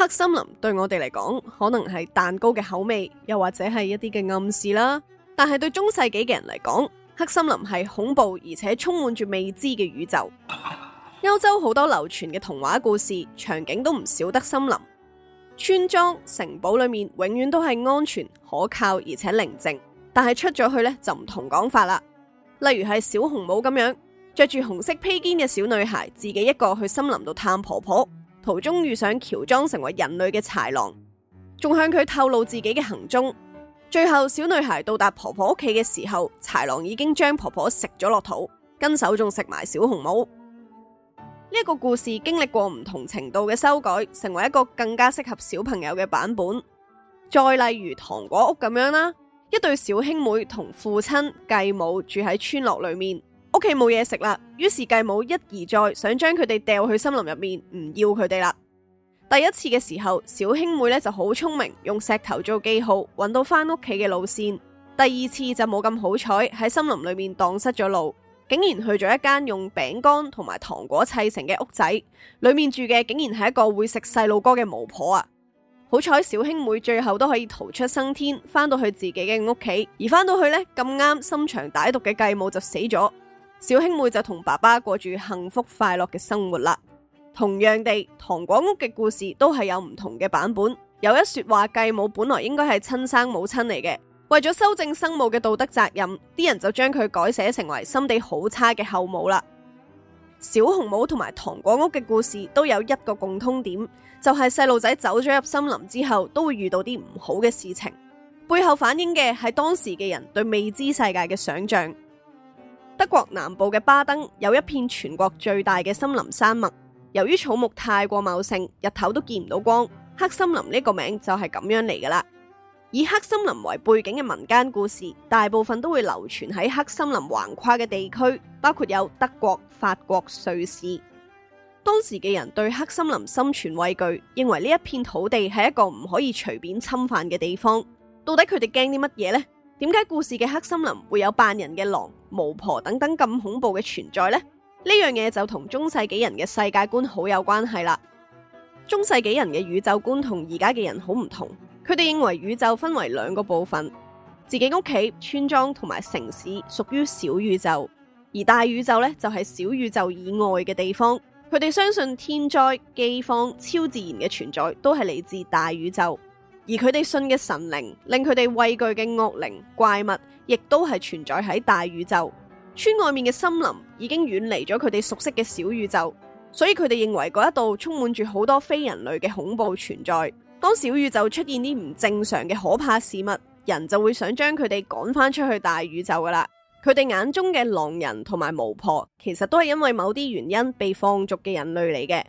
黑森林對我哋嚟講，可能係蛋糕嘅口味，又或者係一啲嘅暗示啦。但係對中世紀嘅人嚟講，黑森林係恐怖而且充滿住未知嘅宇宙。歐洲好多流傳嘅童話故事，場景都唔少得森林、村莊、城堡裏面，永遠都係安全、可靠而且寧靜。但係出咗去呢，就唔同講法啦。例如係小紅帽咁樣，着住紅色披肩嘅小女孩，自己一個去森林度探婆婆。途中遇上喬裝成為人類嘅豺狼，仲向佢透露自己嘅行蹤。最後小女孩到達婆婆屋企嘅時候，豺狼已經將婆婆食咗落肚，跟手仲食埋小紅帽。呢一個故事經歷過唔同程度嘅修改，成為一個更加適合小朋友嘅版本。再例如糖果屋咁樣啦，一對小兄妹同父親繼母住喺村落裏面。屋企冇嘢食啦，於是繼母一而再想將佢哋掉去森林入面，唔要佢哋啦。第一次嘅時候，小兄妹呢就好聰明，用石頭做記號，揾到翻屋企嘅路線。第二次就冇咁好彩，喺森林裏面蕩失咗路，竟然去咗一間用餅乾同埋糖果砌成嘅屋仔，裏面住嘅竟然係一個會食細路哥嘅巫婆啊！好彩小兄妹最後都可以逃出生天，翻到去自己嘅屋企，而翻到去呢，咁啱，心腸歹毒嘅繼母就死咗。小兄妹就同爸爸過住幸福快樂嘅生活啦。同樣地，糖果屋嘅故事都係有唔同嘅版本。有一說話，繼母本來應該係親生母親嚟嘅，為咗修正生母嘅道德責任，啲人就將佢改寫成為心地好差嘅後母啦。小紅帽同埋糖果屋嘅故事都有一個共通點，就係細路仔走咗入森林之後，都會遇到啲唔好嘅事情。背後反映嘅係當時嘅人對未知世界嘅想象。德國南部嘅巴登有一片全國最大嘅森林山脈，由於草木太過茂盛，日頭都見唔到光，黑森林呢個名就係咁樣嚟噶啦。以黑森林為背景嘅民間故事，大部分都會流傳喺黑森林橫跨嘅地區，包括有德國、法國、瑞士。當時嘅人對黑森林心存畏懼，認為呢一片土地係一個唔可以隨便侵犯嘅地方。到底佢哋驚啲乜嘢呢？點解故事嘅黑森林會有扮人嘅狼、巫婆、等等咁恐怖嘅存在呢？呢樣嘢就同中世紀人嘅世界觀好有關係啦。中世紀人嘅宇宙觀同而家嘅人好唔同，佢哋認為宇宙分為兩個部分，自己屋企、村莊同埋城市屬於小宇宙，而大宇宙呢，就係小宇宙以外嘅地方。佢哋相信天災、饑荒、超自然嘅存在都係嚟自大宇宙。而佢哋信嘅神靈，令佢哋畏懼嘅惡靈怪物，亦都係存在喺大宇宙。村外面嘅森林已經遠離咗佢哋熟悉嘅小宇宙，所以佢哋認為嗰一度充滿住好多非人類嘅恐怖存在。當小宇宙出現啲唔正常嘅可怕事物，人就會想將佢哋趕返出去大宇宙㗎喇。佢哋眼中嘅狼人同埋巫婆，其實都係因為某啲原因被放逐嘅人類嚟嘅。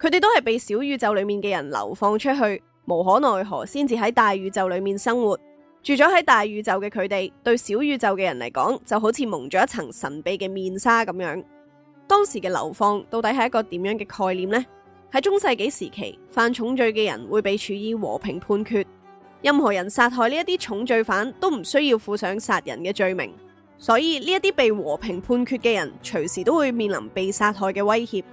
佢哋都係被小宇宙裏面嘅人流放出去。無可奈何，先至喺大宇宙裏面生活，住咗喺大宇宙嘅佢哋，對小宇宙嘅人嚟講就好似蒙咗一層神秘嘅面紗咁樣。當時嘅流放到底係一個點樣嘅概念呢？喺中世紀時期，犯重罪嘅人會被處以和平判決，任何人殺害呢一啲重罪犯都唔需要負上殺人嘅罪名，所以呢一啲被和平判決嘅人隨時都會面臨被殺害嘅威脅。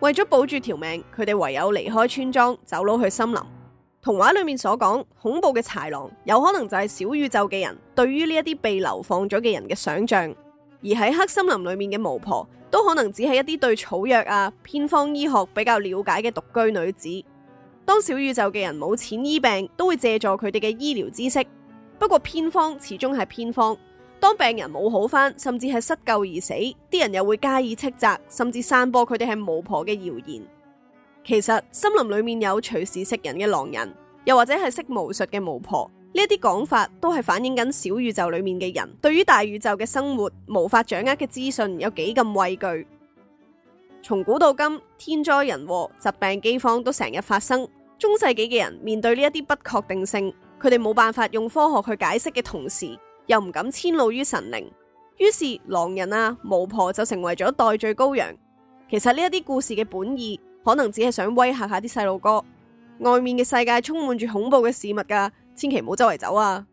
為咗保住條命，佢哋唯有離開村莊，走佬去森林。童話裡面所講恐怖嘅豺狼，有可能就係小宇宙嘅人對於呢一啲被流放咗嘅人嘅想象；而喺黑森林裡面嘅巫婆，都可能只係一啲對草藥啊、偏方醫學比較了解嘅獨居女子。當小宇宙嘅人冇錢醫病，都會借助佢哋嘅醫療知識。不過偏方始終係偏方，當病人冇好返，甚至係失救而死，啲人又會加以斥責，甚至散播佢哋係巫婆嘅謠言。其實森林裏面有隨時識人嘅狼人，又或者係識巫術嘅巫婆，呢一啲講法都係反映緊小宇宙裏面嘅人對於大宇宙嘅生活無法掌握嘅資訊有幾咁畏懼。從古到今，天災人禍、疾病饑荒都成日發生。中世紀嘅人面對呢一啲不確定性，佢哋冇辦法用科學去解釋嘅同時，又唔敢遷怒於神靈，於是狼人啊、巫婆就成為咗代罪羔羊。其實呢一啲故事嘅本意。可能只係想威嚇下啲細路哥，外面嘅世界充滿住恐怖嘅事物㗎，千祈唔好周圍走啊！